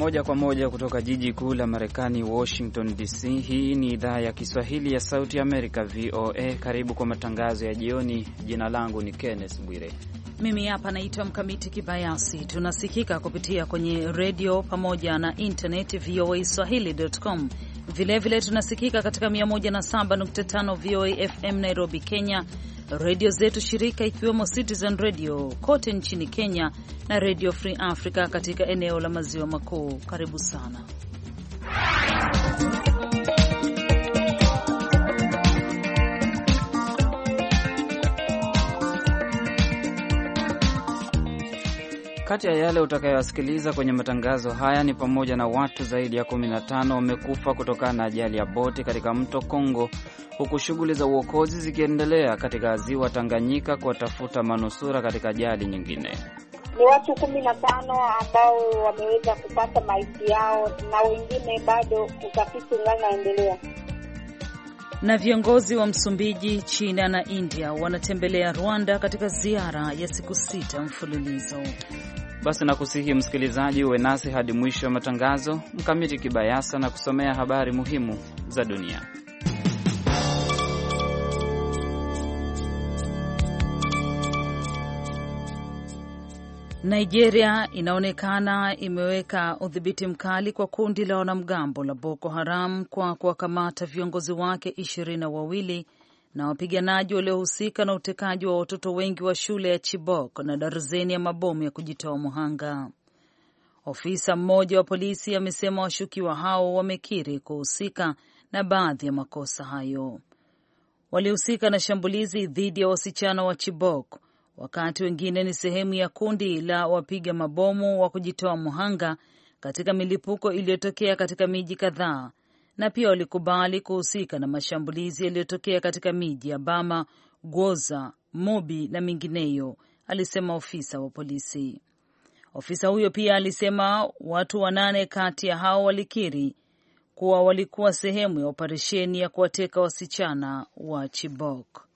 Moja kwa moja kutoka jiji kuu la Marekani, Washington DC. Hii ni idhaa ya Kiswahili ya Sauti Amerika, VOA. Karibu kwa matangazo ya jioni. Jina langu ni Kenneth Bwire. Mimi hapa naitwa Mkamiti Kibayasi. Tunasikika kupitia kwenye redio pamoja na internet, voa swahili.com Vilevile vile tunasikika katika 107.5 VOA FM Nairobi, Kenya, redio zetu shirika ikiwemo Citizen Radio kote nchini Kenya na Radio Free Africa katika eneo la maziwa makuu. Karibu sana Kati ya yale utakayoyasikiliza kwenye matangazo haya ni pamoja na watu zaidi ya 15 wamekufa kutokana na ajali ya boti katika mto Kongo, huku shughuli za uokozi zikiendelea katika ziwa Tanganyika kuwatafuta manusura katika ajali nyingine. Ni watu kumi na tano ambao wameweza kupata maiti yao na wengine bado utafiti ungali naendelea. Na viongozi wa Msumbiji, China na India wanatembelea Rwanda katika ziara ya siku sita mfululizo. Basi nakusihi msikilizaji uwe nasi hadi mwisho wa matangazo. Mkamiti Kibayasa na kusomea habari muhimu za dunia. Nigeria inaonekana imeweka udhibiti mkali kwa kundi la wanamgambo la Boko Haram kwa kuwakamata viongozi wake ishirini na wawili na wapiganaji waliohusika na utekaji wa watoto wengi wa shule ya Chibok na darzeni ya mabomu ya kujitoa muhanga. Ofisa mmoja wa polisi amesema washukiwa hao wamekiri kuhusika na baadhi ya makosa hayo. Walihusika na shambulizi dhidi ya wasichana wa Chibok wakati wengine ni sehemu ya kundi la wapiga mabomu wa kujitoa muhanga katika milipuko iliyotokea katika miji kadhaa, na pia walikubali kuhusika na mashambulizi yaliyotokea katika miji ya Bama, Gwoza, Mobi na mingineyo, alisema ofisa wa polisi. Ofisa huyo pia alisema watu wanane kati ya hao walikiri kuwa walikuwa sehemu ya operesheni ya kuwateka wasichana wa Chibok.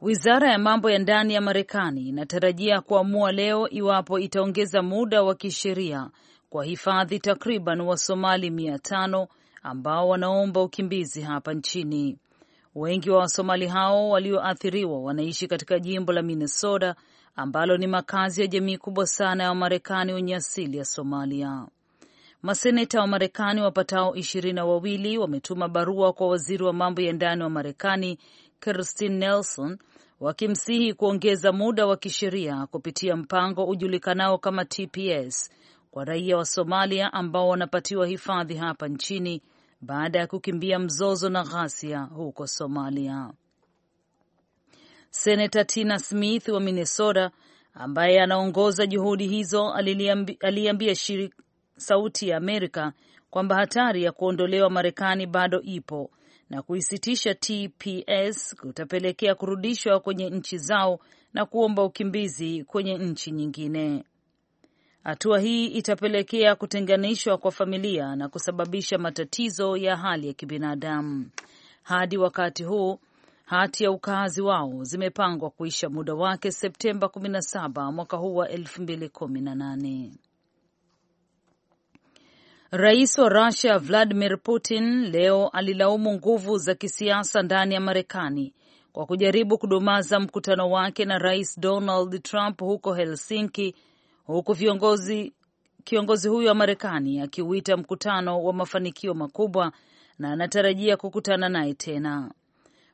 Wizara ya mambo ya ndani ya Marekani inatarajia kuamua leo iwapo itaongeza muda wa kisheria kwa hifadhi takriban Wasomali mia tano ambao wanaomba ukimbizi hapa nchini. Wengi wa Wasomali hao walioathiriwa wanaishi katika jimbo la Minnesota ambalo ni makazi ya jamii kubwa sana ya Wamarekani wenye asili ya Somalia. Maseneta wa Marekani wapatao ishirini na wawili wametuma barua kwa waziri wa mambo ya ndani wa Marekani Kirstine Nelson wakimsihi kuongeza muda wa kisheria kupitia mpango ujulikanao kama TPS kwa raia wa Somalia ambao wanapatiwa hifadhi hapa nchini baada ya kukimbia mzozo na ghasia huko Somalia. Senata Tina Smith wa Minnesota ambaye anaongoza juhudi hizo aliambia shirika Sauti ya Amerika kwamba hatari ya kuondolewa Marekani bado ipo na kuisitisha TPS kutapelekea kurudishwa kwenye nchi zao na kuomba ukimbizi kwenye nchi nyingine. Hatua hii itapelekea kutenganishwa kwa familia na kusababisha matatizo ya hali ya kibinadamu. Hadi wakati huu hati ya ukaazi wao zimepangwa kuisha muda wake Septemba 17 mwaka huu wa 2018. Rais wa rusia Vladimir Putin leo alilaumu nguvu za kisiasa ndani ya Marekani kwa kujaribu kudumaza mkutano wake na Rais Donald Trump huko Helsinki, huku viongozi kiongozi huyo wa Marekani akiuita mkutano wa mafanikio makubwa na anatarajia kukutana naye tena.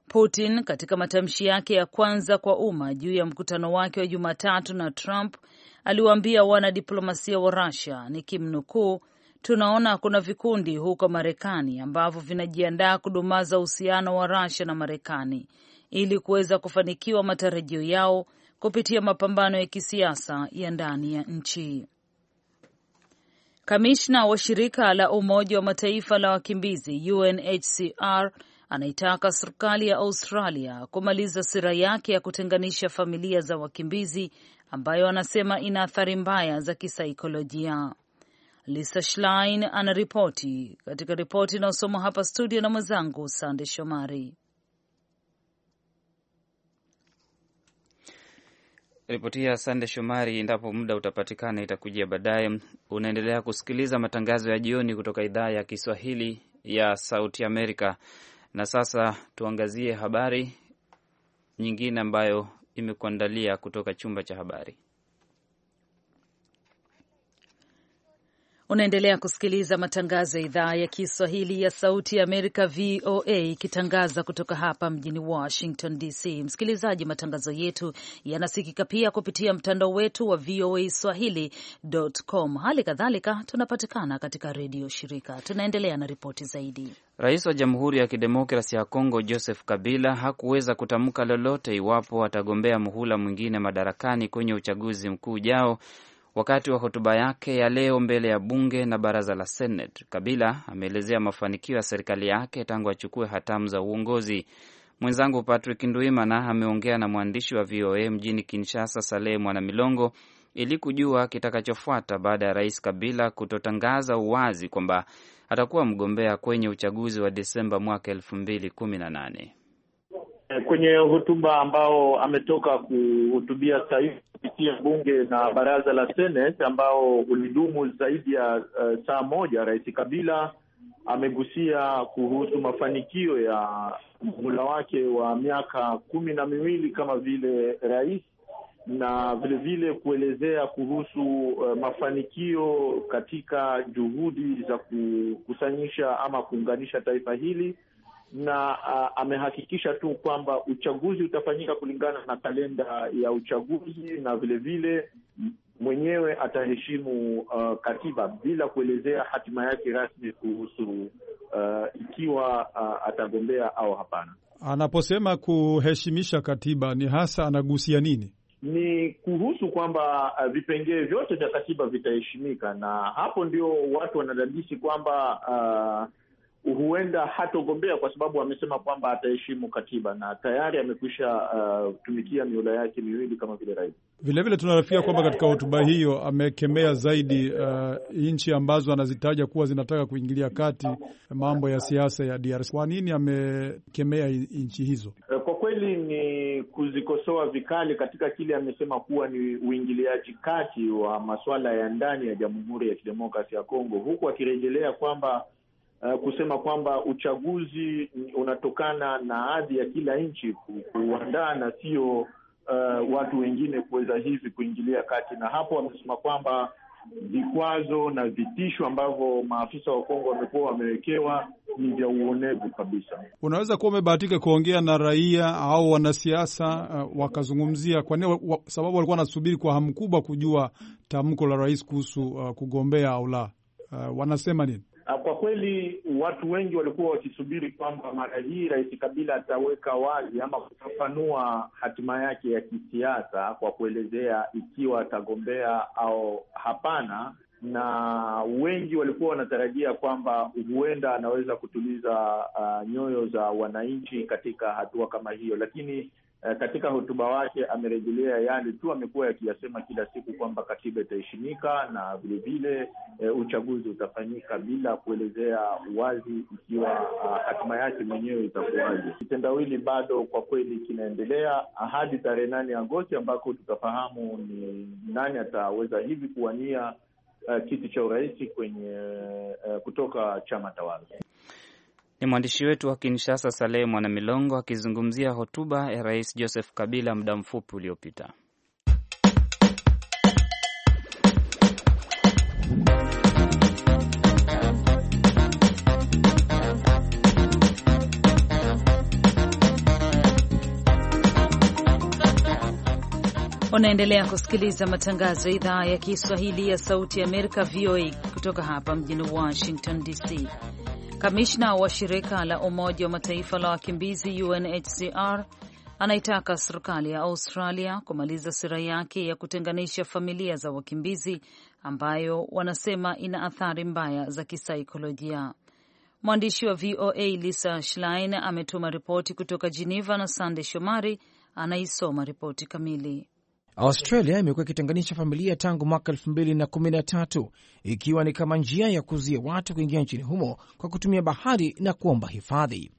Putin katika matamshi yake ya kwanza kwa umma juu ya mkutano wake wa Jumatatu na Trump aliwaambia wanadiplomasia wa ni nikimnukuu, tunaona kuna vikundi huko Marekani ambavyo vinajiandaa kudumaza uhusiano wa Russia na Marekani ili kuweza kufanikiwa matarajio yao kupitia mapambano ya kisiasa ya ndani ya nchi. Kamishna wa shirika la Umoja wa Mataifa la wakimbizi UNHCR anaitaka serikali ya Australia kumaliza sera yake ya kutenganisha familia za wakimbizi ambayo anasema ina athari mbaya za kisaikolojia. Lisa Schlein anaripoti katika ripoti inayosomwa hapa studio na mwenzangu Sande Shomari. Ripoti ya Sande Shomari, endapo muda utapatikana, itakujia baadaye. Unaendelea kusikiliza matangazo ya jioni kutoka idhaa ya Kiswahili ya Sauti Amerika. Na sasa tuangazie habari nyingine ambayo imekuandalia kutoka chumba cha habari. Unaendelea kusikiliza matangazo ya idhaa ya Kiswahili ya Sauti ya Amerika, VOA, ikitangaza kutoka hapa mjini Washington DC. Msikilizaji, matangazo yetu yanasikika pia kupitia mtandao wetu wa VOA swahili.com. Hali kadhalika tunapatikana katika redio shirika. Tunaendelea na ripoti zaidi. Rais wa Jamhuri ya Kidemokrasi ya Kongo Joseph Kabila hakuweza kutamka lolote iwapo atagombea muhula mwingine madarakani kwenye uchaguzi mkuu ujao Wakati wa hotuba yake ya leo mbele ya bunge na baraza la Senate, Kabila ameelezea mafanikio ya serikali yake tangu achukue hatamu za uongozi. Mwenzangu Patrick Nduimana ameongea na mwandishi wa VOA mjini Kinshasa, Salehe Mwanamilongo, ili kujua kitakachofuata baada ya rais Kabila kutotangaza uwazi kwamba atakuwa mgombea kwenye uchaguzi wa Desemba mwaka elfu mbili kumi na nane kwenye hotuba ambao ametoka kuhutubia taifa kupitia bunge na baraza la Senate ambao ulidumu zaidi ya uh, saa moja, Rais Kabila amegusia kuhusu mafanikio ya muhula wake wa miaka kumi na miwili kama vile rais na vilevile vile kuelezea kuhusu uh, mafanikio katika juhudi za kukusanyisha ama kuunganisha taifa hili na uh, amehakikisha tu kwamba uchaguzi utafanyika kulingana na kalenda ya uchaguzi na vilevile vile, mwenyewe ataheshimu uh, katiba bila kuelezea hatima yake rasmi kuhusu uh, ikiwa uh, atagombea au hapana. Anaposema kuheshimisha katiba ni hasa anagusia nini? Ni kuhusu kwamba uh, vipengee vyote vya katiba vitaheshimika, na hapo ndio watu wanadadisi kwamba uh, huenda hatogombea kwa sababu amesema kwamba ataheshimu katiba na tayari amekwisha uh, tumikia miula yake miwili kama vile rais. Vilevile tunarafia kwamba katika hotuba hiyo amekemea zaidi uh, nchi ambazo anazitaja kuwa zinataka kuingilia kati mambo ya siasa ya DRC. Kwa nini amekemea nchi hizo? Uh, kwa kweli ni kuzikosoa vikali katika kile amesema kuwa ni uingiliaji kati wa masuala ya ndani ya Jamhuri ya kidemokrasi ya Kongo, huku akirejelea kwamba Eh, kusema kwamba uchaguzi unatokana na hadhi ya kila nchi kuandaa na sio uh, watu wengine kuweza hivi kuingilia kati, na hapo wamesema kwamba vikwazo na vitisho ambavyo maafisa wa Kongo wamekuwa wamewekewa ni vya uonevu kabisa. Unaweza kuwa umebahatika kuongea na raia au wanasiasa uh, wakazungumzia kwa nini wa, sababu walikuwa wanasubiri kwa hamu kubwa kujua tamko la rais kuhusu uh, kugombea au la, uh, wanasema nini? Ah, kwa kweli watu wengi walikuwa wakisubiri kwamba mara hii Rais Kabila ataweka wazi ama kufafanua hatima yake ya kisiasa kwa kuelezea ikiwa atagombea au hapana, na wengi walikuwa wanatarajia kwamba huenda anaweza kutuliza uh, nyoyo za wananchi katika hatua kama hiyo, lakini Eh, katika hotuba wake amerejelea yale tu amekuwa yakiyasema kila siku kwamba katiba itaheshimika na vilevile e, eh, uchaguzi utafanyika bila kuelezea wazi ikiwa ah, hatima yake mwenyewe itakuwaje. Kitendawili bado kwa kweli kinaendelea hadi tarehe nane Agosti ambako tutafahamu ni nani ataweza hivi kuwania uh, kiti cha urais kwenye uh, kutoka chama tawala ni mwandishi wetu wa Kinshasa, Salehe Mwana Milongo, akizungumzia hotuba ya Rais Joseph Kabila muda mfupi uliopita. Unaendelea kusikiliza matangazo ya idhaa ya Kiswahili ya Sauti ya Amerika, VOA, kutoka hapa mjini Washington DC. Kamishna wa shirika la Umoja wa Mataifa la wakimbizi UNHCR anaitaka serikali ya Australia kumaliza sera yake ya kutenganisha familia za wakimbizi ambayo wanasema ina athari mbaya za kisaikolojia. Mwandishi wa VOA Lisa Schlein ametuma ripoti kutoka Geneva na Sande Shomari anaisoma ripoti kamili. Australia imekuwa ikitenganisha familia tangu mwaka elfu mbili na kumi na tatu ikiwa ni kama njia ya kuzuia watu kuingia nchini humo kwa kutumia bahari na kuomba hifadhi.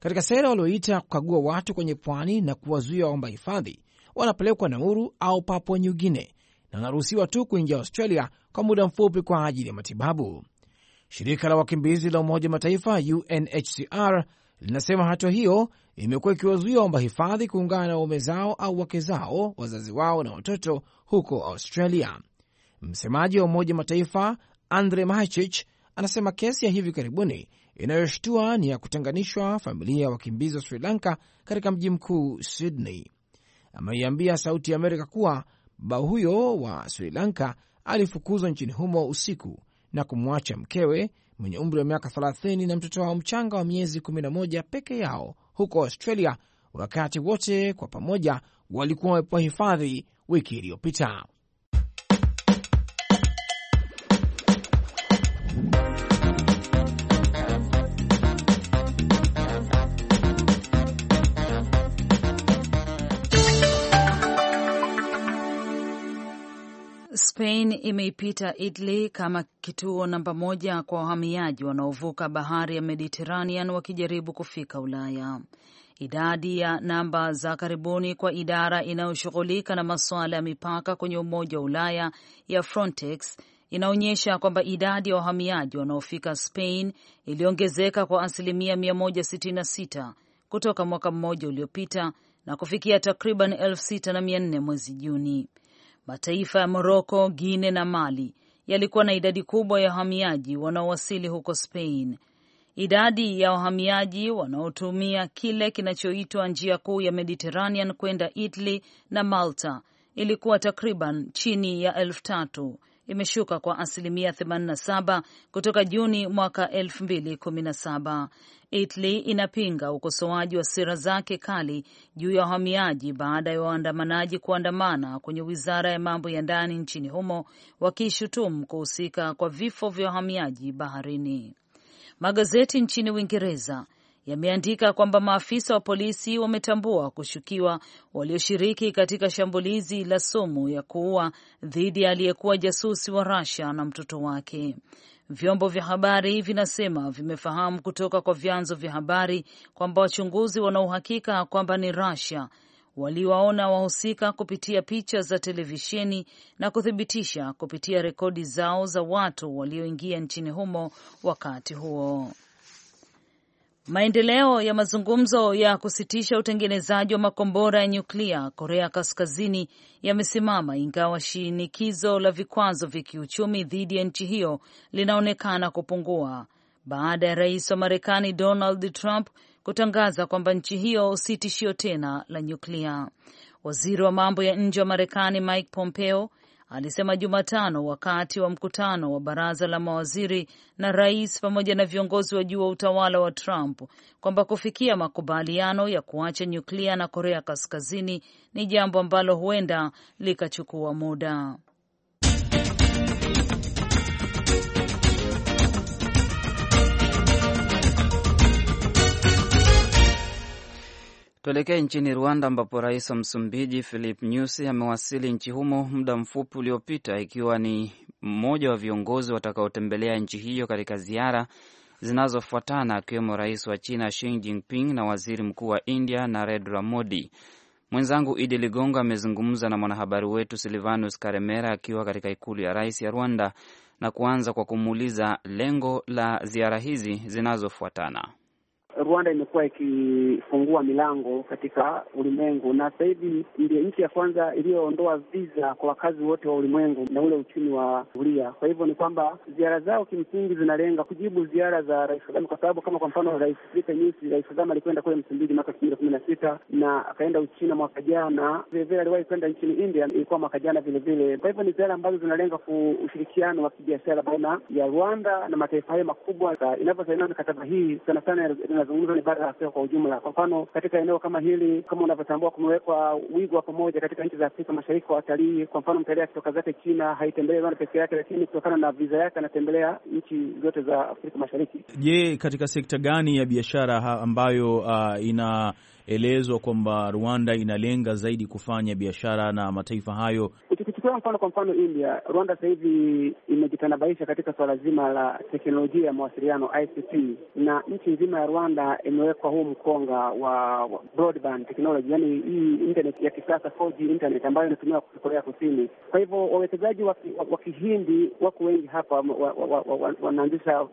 Katika sera walioita kukagua watu kwenye pwani na kuwazuia waomba hifadhi, wanapelekwa Nauru au Papua New Guinea na wanaruhusiwa tu kuingia Australia kwa muda mfupi kwa ajili ya matibabu. Shirika la wakimbizi la Umoja Mataifa, UNHCR, linasema hatua hiyo imekuwa ikiwazuia waomba hifadhi kuungana na waume zao au wake zao, wazazi wao na watoto huko Australia. Msemaji wa Umoja Mataifa Andre Machich anasema kesi ya hivi karibuni inayoshtua ni ya kutenganishwa familia ya wakimbizi wa Sri Lanka katika mji mkuu Sydney. Ameiambia Sauti ya Amerika kuwa baba huyo wa Sri Lanka alifukuzwa nchini humo usiku na kumwacha mkewe mwenye umri wa miaka 30 na mtoto wao mchanga wa miezi 11 peke yao huko Australia, wakati wote kwa pamoja walikuwa wamepewa hifadhi wiki iliyopita. Spain imeipita Italy kama kituo namba moja kwa wahamiaji wanaovuka bahari ya Mediterranean wakijaribu kufika Ulaya. Idadi ya namba za karibuni kwa idara inayoshughulika na masuala ya mipaka kwenye Umoja wa Ulaya ya Frontex inaonyesha kwamba idadi ya wahamiaji wanaofika Spain iliongezeka kwa asilimia 166 kutoka mwaka mmoja uliopita na kufikia takriban elfu mwezi Juni. Mataifa ya Moroko, Guine na Mali yalikuwa na idadi kubwa ya wahamiaji wanaowasili huko Spain. Idadi ya wahamiaji wanaotumia kile kinachoitwa njia kuu ya Mediterranean kwenda Italy na Malta ilikuwa takriban chini ya elfu tatu imeshuka kwa asilimia 87 kutoka Juni mwaka 2017. Italy inapinga ukosoaji wa sera zake kali juu ya wahamiaji baada ya waandamanaji kuandamana kwenye wizara ya mambo ya ndani nchini humo wakiishutumu kuhusika kwa vifo vya wahamiaji baharini. Magazeti nchini Uingereza yameandika kwamba maafisa wa polisi wametambua kushukiwa walioshiriki katika shambulizi la sumu ya kuua dhidi ya aliyekuwa jasusi wa Russia na mtoto wake. Vyombo vya habari vinasema vimefahamu kutoka kwa vyanzo vya habari kwamba wachunguzi wana uhakika kwamba ni Russia waliwaona wahusika kupitia picha za televisheni na kuthibitisha kupitia rekodi zao za watu walioingia nchini humo wakati huo. Maendeleo ya mazungumzo ya kusitisha utengenezaji wa makombora ya nyuklia Korea Kaskazini yamesimama ingawa shinikizo la vikwazo vya kiuchumi dhidi ya nchi hiyo linaonekana kupungua baada ya rais wa Marekani Donald Trump kutangaza kwamba nchi hiyo si tishio tena la nyuklia. Waziri wa mambo ya nje wa Marekani Mike Pompeo alisema Jumatano wakati wa mkutano wa baraza la mawaziri na rais pamoja na viongozi wa juu wa utawala wa Trump kwamba kufikia makubaliano ya kuacha nyuklia na Korea Kaskazini ni jambo ambalo huenda likachukua muda. Tuelekee nchini Rwanda ambapo rais wa Msumbiji Philip Nyusi amewasili nchi humo muda mfupi uliopita, ikiwa ni mmoja wa viongozi watakaotembelea nchi hiyo katika ziara zinazofuatana, akiwemo rais wa China Xi Jinping na waziri mkuu wa India Narendra Modi. Mwenzangu Idi Ligongo amezungumza na mwanahabari wetu Silvanus Karemera akiwa katika ikulu ya rais ya Rwanda na kuanza kwa kumuuliza lengo la ziara hizi zinazofuatana. Rwanda imekuwa ikifungua milango katika ulimwengu, na sasa hivi nchi ya kwanza iliyoondoa viza kwa wakazi wote wa ulimwengu na ule uchumi wa kulia. Kwa hivyo ni kwamba ziara zao kimsingi zinalenga kujibu ziara za Rais Kagame, kwa sababu kama kwa mfano Rais Filipe Nyusi, Rais Kagame alikwenda kule Msumbiji mwaka elfu mbili kumi na sita na akaenda Uchina mwaka jana, vilevile aliwahi kwenda nchini India, ilikuwa mwaka jana vilevile. Kwa hivyo ni ziara ambazo zinalenga ushirikiano wa kibiashara baina ya Rwanda na mataifa hayo makubwa. Inavyosaidiwa mikataba hii sana sana nazungumza ni bara la Afrika kwa ujumla. Kwa mfano, katika eneo kama hili, kama unavyotambua, kumewekwa wigo wa pamoja katika nchi za Afrika Mashariki kwa watalii. Kwa mfano, mtalii akitoka zake China haitembelei Rwanda peke yake, lakini kutokana na viza yake anatembelea nchi zote za Afrika Mashariki. Je, katika sekta gani ya biashara ambayo uh, ina inaelezwa kwamba Rwanda inalenga zaidi kufanya biashara na mataifa hayo. Tukichukua mfano kwa mfano India, Rwanda sasa hivi imejitanabaisha katika suala zima la teknolojia ya mawasiliano ICT, na nchi nzima ya Rwanda imewekwa huu mkonga wa broadband technology, yani hii internet ya kisasa 4G internet ambayo inatumiwa Korea Kusini. Kwa hivyo wawekezaji wa Kihindi wako wengi hapa, wanaanzisha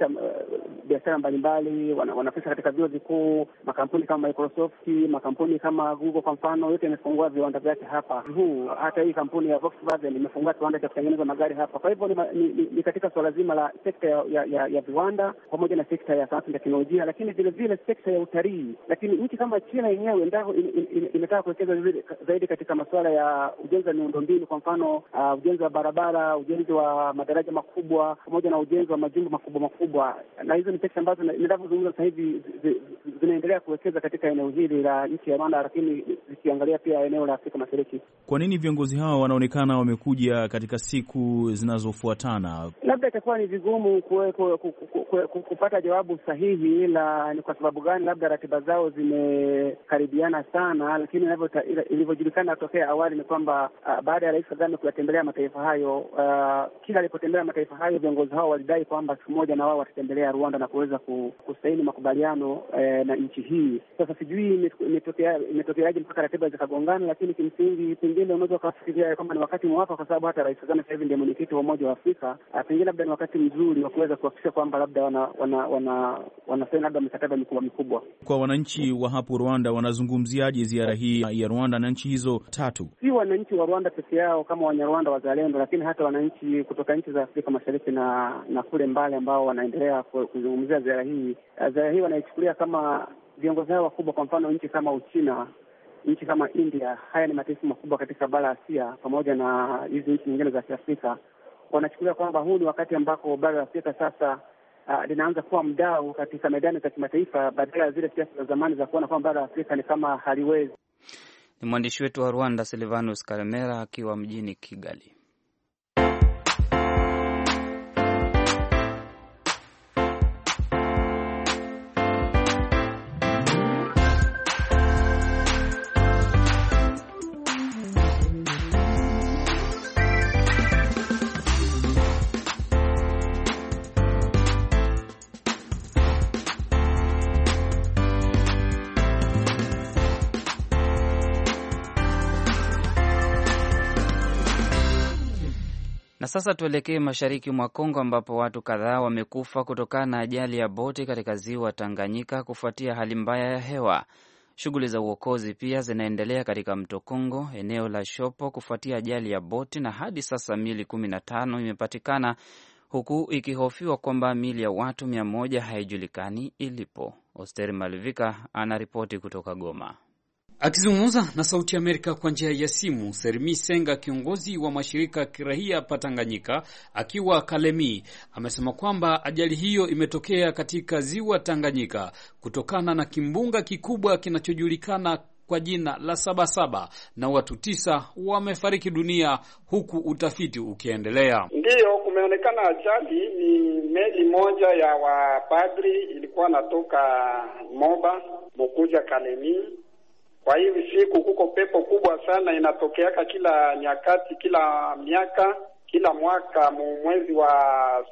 eh, biashara mbalimbali, wanafisha katika vyuo vikuu, makampuni kama Microsoft, makampuni kama Google kwa mfano, yote imefungua viwanda vyake hapa huu. Hata hii kampuni ya Volkswagen imefungua kiwanda cha kutengeneza magari hapa. Kwa hivyo ni, ni, ni, ni katika suala zima la sekta ya, ya, ya, ya viwanda pamoja na sekta ya sayansi na teknolojia, lakini vile vile sekta ya utalii. Lakini nchi kama China yenyewe imetaka kuwekeza zaidi katika masuala ya ujenzi wa miundombinu, kwa mfano uh, ujenzi wa barabara, ujenzi wa madaraja makubwa pamoja na ujenzi wa majumba makubwa makubwa, na hizo ni sekta ambazo ninavyozungumza sasa hivi zinaendelea kuwekeza katika eneo hili la nchi ya Rwanda, lakini zikiangalia pia eneo la Afrika Mashariki. Kwa nini viongozi hao wanaonekana wamekuja katika siku zinazofuatana? Labda itakuwa ni vigumu kupata jawabu sahihi la ni kwa sababu gani labda ratiba zao zimekaribiana sana, lakini ilivyojulikana tokea awali ni kwamba ah, baada ya Rais Kagame kuyatembelea mataifa hayo uh, kila alipotembelea mataifa hayo viongozi hao walidai kwamba siku moja na wao watatembelea Rwanda na kuweza kusaini makubaliano eh, na nchi hii sasa sijui imetokeaje mpaka ratiba zikagongana, lakini kimsingi pengine unaweza ukafikiria kwamba ni wakati mwafaka, kwa sababu hata Rais Kagame sasa hivi ndiye mwenyekiti wa Umoja wa Afrika. Ah, pengine labda ni wakati mzuri wa kuweza kuhakikisha kwamba labda wanasaini wana, wana, labda mikataba mikubwa mikubwa. Kwa wananchi wa hapo Rwanda, wanazungumziaje ziara hii ya Rwanda na nchi hizo tatu? Si wananchi wa Rwanda peke yao kama Wanyarwanda wazalendo, lakini hata wananchi kutoka nchi za Afrika Mashariki na na kule mbali ambao wanaendelea kuzungumzia ziara hii. Ah, ziara hii wanaichukulia kama viongozi hao wakubwa, kwa mfano nchi kama Uchina, nchi kama India, haya ni mataifa makubwa katika bara Asia pamoja na hizi nchi nyingine za Kiafrika, wanachukulia kwamba huu ni wakati ambako bara la Afrika sasa uh, linaanza kuwa mdau katika medani za kimataifa badala ya zile siasa za zamani za kuona kwamba bara la Afrika ni kama haliwezi. Ni mwandishi wetu wa Rwanda Silvanus Karemera akiwa mjini Kigali. sasa tuelekee mashariki mwa Kongo ambapo watu kadhaa wamekufa kutokana na ajali ya boti katika ziwa Tanganyika kufuatia hali mbaya ya hewa. Shughuli za uokozi pia zinaendelea katika mto Kongo, eneo la Shopo, kufuatia ajali ya boti, na hadi sasa mili 15 imepatikana huku ikihofiwa kwamba mili ya watu mia moja haijulikani ilipo. Osteri Malivika anaripoti kutoka Goma. Akizungumza na Sauti Amerika kwa njia ya simu, Sermi Senga, kiongozi wa mashirika kirahia Patanganyika akiwa Kalemi, amesema kwamba ajali hiyo imetokea katika ziwa Tanganyika kutokana na kimbunga kikubwa kinachojulikana kwa jina la Sabasaba na watu tisa wamefariki dunia huku utafiti ukiendelea. Ndiyo, kumeonekana ajali. Ni meli moja ya wapadri ilikuwa natoka Moba mukuja Kalemi kwa hivi siku kuko pepo kubwa sana inatokeaka kila nyakati, kila miaka, kila mwaka, mu mwezi wa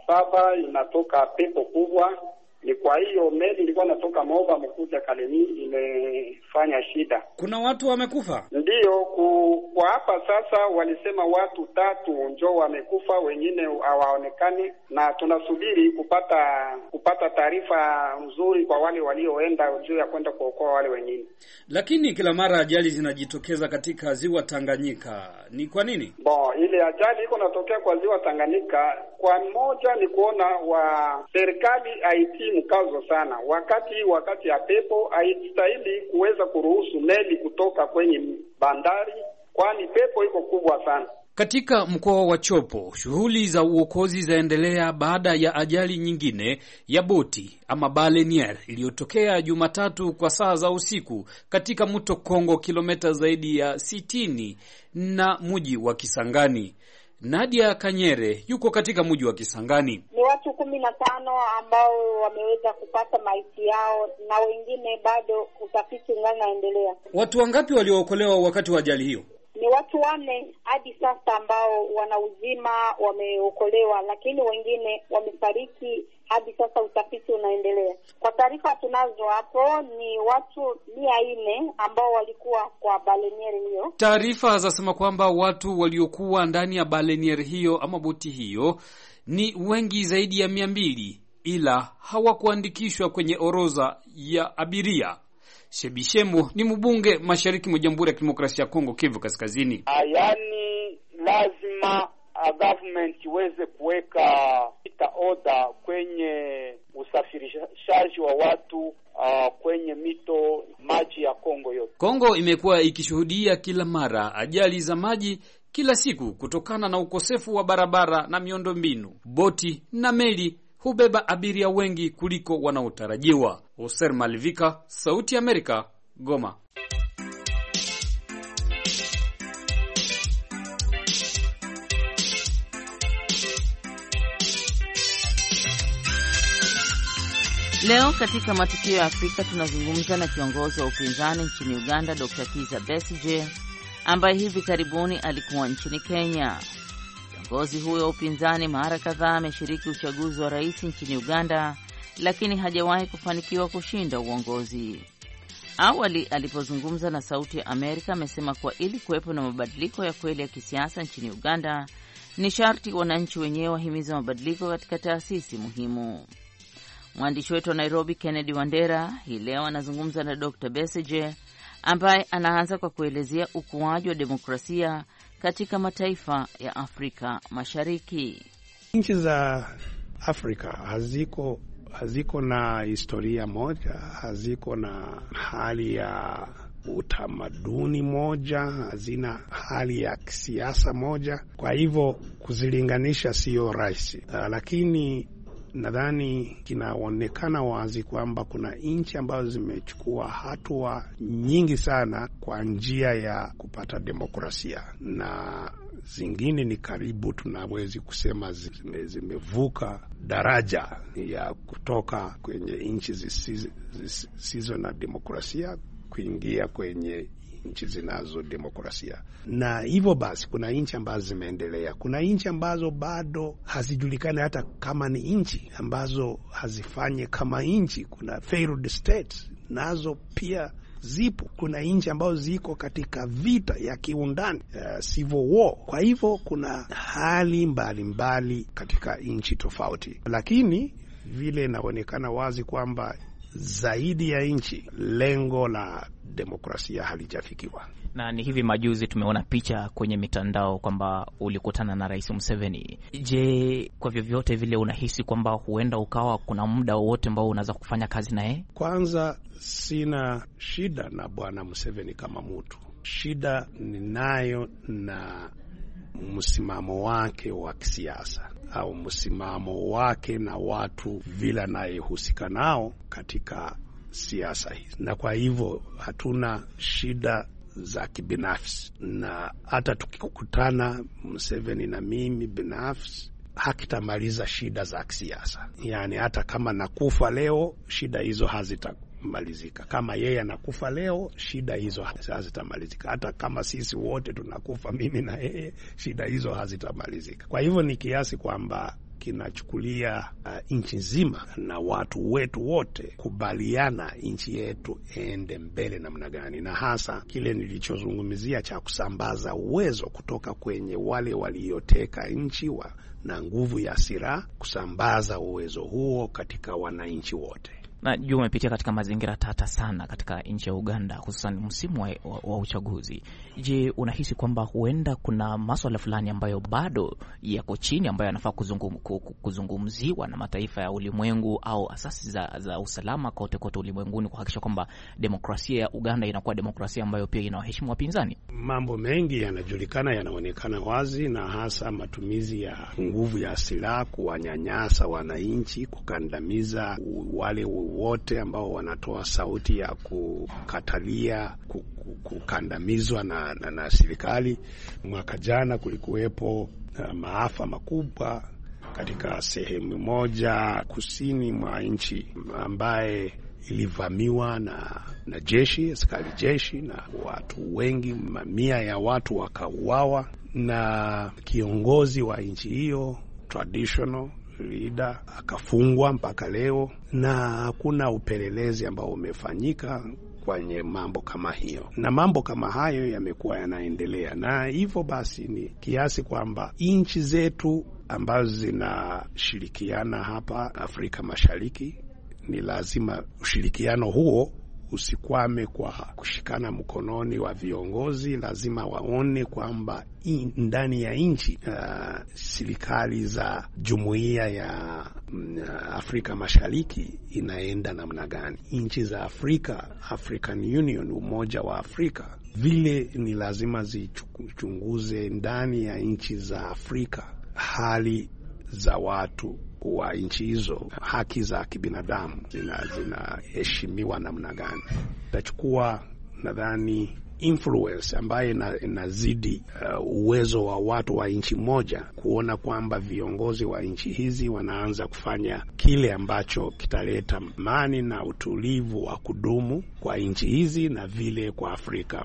saba inatoka pepo kubwa ni kwa hiyo meli ilikuwa natoka Moba Mkuja Kalemi imefanya shida. Kuna watu wamekufa? Ndiyo, ku, kwa hapa sasa walisema watu tatu njo wamekufa, wengine hawaonekani, na tunasubiri kupata kupata taarifa nzuri kwa wale walioenda juu ya kwenda kuokoa wale wengine. Lakini kila mara ajali zinajitokeza katika ziwa Tanganyika, ni kwa nini? Bo, ile ajali iko natokea kwa ziwa Tanganyika, kwa moja ni kuona wa serikali haiti haitilii mkazo sana wakati wakati ya pepo, haistahili kuweza kuruhusu meli kutoka kwenye bandari, kwani pepo iko kubwa sana. Katika mkoa wa Chopo shughuli za uokozi zaendelea baada ya ajali nyingine ya boti ama balenier iliyotokea Jumatatu kwa saa za usiku katika mto Kongo, kilometa zaidi ya 60 na mji wa Kisangani. Nadia Kanyere yuko katika mji wa Kisangani kumi na tano ambao wameweza kupata maiti yao na wengine bado utafiti unaendelea. Watu wangapi waliookolewa wakati wa ajali hiyo? Ni watu wanne hadi sasa ambao wana uzima wameokolewa, lakini wengine wamefariki. Hadi sasa utafiti unaendelea. Kwa taarifa tunazo hapo ni watu mia nne ambao walikuwa kwa baleniere hiyo. Taarifa zasema kwamba watu waliokuwa ndani ya baleniere hiyo ama boti hiyo ni wengi zaidi ya mia mbili ila hawakuandikishwa kwenye orodha ya abiria. Shebishemo ni mbunge mashariki mwa Jamhuri ya Kidemokrasia ya Kongo, Kivu Kaskazini. Yaani lazima ah, government iweze kuweka ita oda kwenye usafirishaji wa watu Uh, kwenye mito maji ya Kongo yote. Kongo imekuwa ikishuhudia kila mara ajali za maji kila siku kutokana na ukosefu wa barabara na miundombinu. Boti na meli hubeba abiria wengi kuliko wanaotarajiwa. oser Malivika, Sauti ya Amerika, Goma. Leo katika matukio ya Afrika tunazungumza na kiongozi wa upinzani nchini Uganda, Dr Kiza Besigye ambaye hivi karibuni alikuwa nchini Kenya. Kiongozi huyo wa upinzani mara kadhaa ameshiriki uchaguzi wa rais nchini Uganda, lakini hajawahi kufanikiwa kushinda uongozi. Awali alipozungumza na Sauti ya Amerika amesema kuwa ili kuwepo na mabadiliko ya kweli ya kisiasa nchini Uganda ni sharti wananchi wenyewe wahimiza mabadiliko katika taasisi muhimu. Mwandishi wetu wa Nairobi, Kennedy Wandera, hii leo anazungumza na Dr Besigye ambaye anaanza kwa kuelezea ukuaji wa demokrasia katika mataifa ya Afrika Mashariki. Nchi za Afrika haziko haziko na historia moja, haziko na hali ya utamaduni moja, hazina hali ya kisiasa moja. Kwa hivyo kuzilinganisha siyo rahisi, lakini nadhani kinaonekana wazi kwamba kuna nchi ambazo zimechukua hatua nyingi sana kwa njia ya kupata demokrasia na zingine ni karibu, tunawezi kusema zime, zimevuka daraja ya kutoka kwenye nchi zisizo na demokrasia kuingia kwenye nchi zinazo demokrasia, na hivyo basi kuna nchi ambazo zimeendelea, kuna nchi ambazo bado hazijulikani hata kama ni nchi, ambazo hazifanye kama nchi. Kuna failed states nazo pia zipo. Kuna nchi ambazo ziko katika vita ya kiundani uh, civil war. Kwa hivyo kuna hali mbalimbali mbali katika nchi tofauti, lakini vile inaonekana wazi kwamba zaidi ya nchi, lengo la demokrasia halijafikiwa. Na ni hivi majuzi tumeona picha kwenye mitandao kwamba ulikutana na Rais Museveni. Je, kwa vyovyote vile unahisi kwamba huenda ukawa kuna muda wowote ambao unaweza kufanya kazi naye? Kwanza sina shida na Bwana Museveni kama mtu, shida ninayo na msimamo wake wa kisiasa au msimamo wake na watu vile anayehusika nao katika siasa hizi, na kwa hivyo hatuna shida za kibinafsi, na hata tukikutana Museveni na mimi binafsi hakitamaliza shida za kisiasa. Yani hata kama nakufa leo, shida hizo hazita malizika. Kama yeye anakufa leo, shida hizo hazitamalizika. Hata kama sisi wote tunakufa, mimi na yeye, shida hizo hazitamalizika. Kwa hivyo ni kiasi kwamba kinachukulia uh, nchi nzima na watu wetu wote kubaliana nchi yetu ende mbele namna gani, na hasa kile nilichozungumzia cha kusambaza uwezo kutoka kwenye wale walioteka nchi wa, na nguvu ya silaha, kusambaza uwezo huo katika wananchi wote najua umepitia katika mazingira tata sana katika nchi ya Uganda, hususan msimu wa, wa, wa uchaguzi. Je, unahisi kwamba huenda kuna maswala fulani ambayo bado yako chini ambayo yanafaa kuzungum, kuzungumziwa na mataifa ya ulimwengu au asasi za, za usalama kote kote ulimwenguni kuhakikisha kwamba demokrasia ya Uganda inakuwa demokrasia ambayo pia inawaheshimu wapinzani? Mambo mengi yanajulikana, yanaonekana wazi, na hasa matumizi ya nguvu ya silaha kuwanyanyasa wananchi, kukandamiza wale wote ambao wanatoa sauti ya kukatalia kukandamizwa na, na, na serikali. Mwaka jana kulikuwepo maafa makubwa katika sehemu moja kusini mwa nchi ambaye ilivamiwa na, na jeshi askari jeshi, na watu wengi, mamia ya watu wakauawa, na kiongozi wa nchi hiyo traditional Rida akafungwa mpaka leo, na hakuna upelelezi ambao umefanyika kwenye mambo kama hiyo, na mambo kama hayo yamekuwa yanaendelea, na hivyo basi ni kiasi kwamba nchi zetu ambazo zinashirikiana hapa Afrika Mashariki ni lazima ushirikiano huo usikwame kwa kushikana mkononi wa viongozi. Lazima waone kwamba ndani ya nchi uh, serikali za jumuiya ya mm, Afrika Mashariki inaenda namna gani, nchi za Afrika, African Union, Umoja wa Afrika vile ni lazima zichunguze ndani ya nchi za Afrika hali za watu wa nchi hizo haki za kibinadamu zinaheshimiwa zina namna gani. Itachukua nadhani influence ambayo inazidi uh, uwezo wa watu wa nchi moja kuona kwamba viongozi wa nchi hizi wanaanza kufanya kile ambacho kitaleta amani na utulivu wa kudumu kwa nchi hizi na vile kwa Afrika.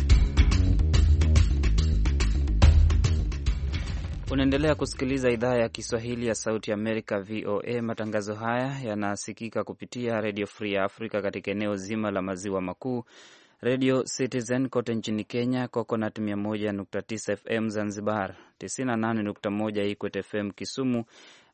Unaendelea kusikiliza idhaa ya Kiswahili ya Sauti ya Amerika, VOA. Matangazo haya yanasikika kupitia Redio Free Africa katika eneo zima la maziwa makuu, Redio Citizen kote nchini Kenya, Coconut 101.9 FM Zanzibar, 98.1 Ikwet FM Kisumu,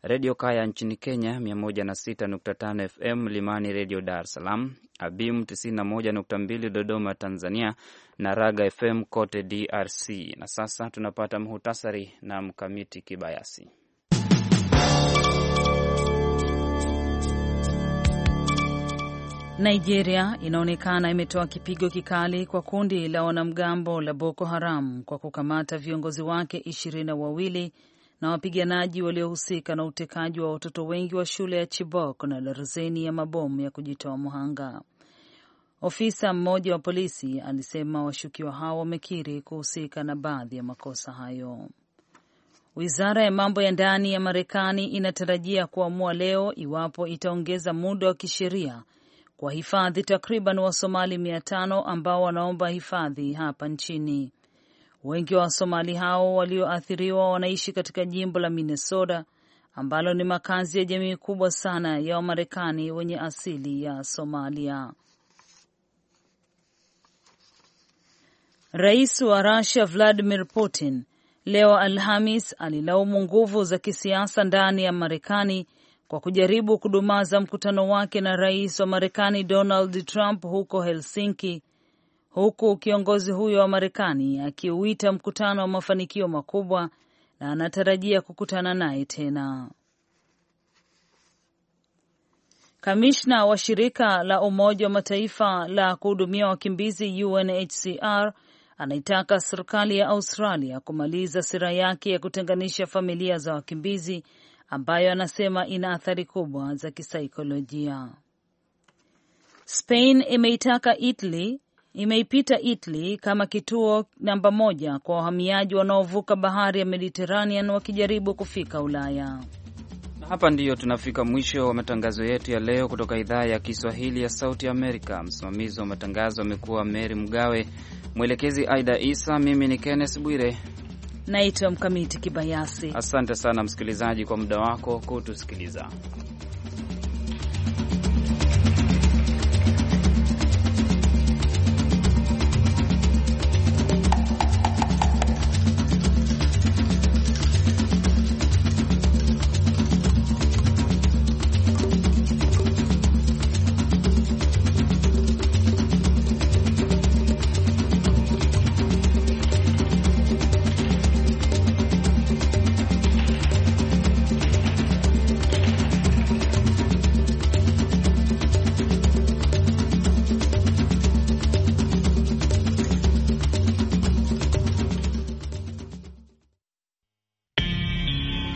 Redio Kaya nchini Kenya 106.5 FM, limani Redio Dar es Salaam, Abim 91.2 Dodoma Tanzania, na Raga FM kote DRC. Na sasa tunapata muhutasari na Mkamiti Kibayasi. Nigeria inaonekana imetoa kipigo kikali kwa kundi la wanamgambo la Boko Haram kwa kukamata viongozi wake ishirini na wawili na wapiganaji waliohusika na utekaji wa watoto wengi wa shule ya Chibok na darzeni ya mabomu ya kujitoa muhanga Ofisa mmoja wa polisi alisema washukiwa hao wamekiri kuhusika na baadhi ya makosa hayo. Wizara ya mambo ya ndani ya Marekani inatarajia kuamua leo iwapo itaongeza muda wa kisheria kwa hifadhi takriban Wasomali mia tano ambao wanaomba hifadhi hapa nchini. Wengi wa Wasomali hao walioathiriwa wanaishi katika jimbo la Minnesota ambalo ni makazi ya jamii kubwa sana ya Wamarekani wenye asili ya Somalia. Rais wa rusia Vladimir Putin leo Alhamis alilaumu nguvu za kisiasa ndani ya Marekani kwa kujaribu kudumaza mkutano wake na rais wa Marekani Donald Trump huko Helsinki huku kiongozi huyo wa Marekani akiuita mkutano wa mafanikio makubwa na anatarajia kukutana naye tena. Kamishna wa shirika la Umoja wa Mataifa la kuhudumia wakimbizi UNHCR anaitaka serikali ya Australia kumaliza sera yake ya kutenganisha familia za wakimbizi ambayo anasema ina athari kubwa za kisaikolojia. Spain imeitaka Italy imeipita Italy kama kituo namba moja kwa wahamiaji wanaovuka bahari ya Mediterranean wakijaribu kufika Ulaya. Hapa ndiyo tunafika mwisho wa matangazo yetu ya leo kutoka idhaa ya Kiswahili ya Sauti Amerika. Msimamizi wa matangazo amekuwa Mary Mgawe, mwelekezi Aida Isa, mimi ni Kenneth Bwire naitwa Mkamiti Kibayasi. Asante sana msikilizaji kwa muda wako kutusikiliza.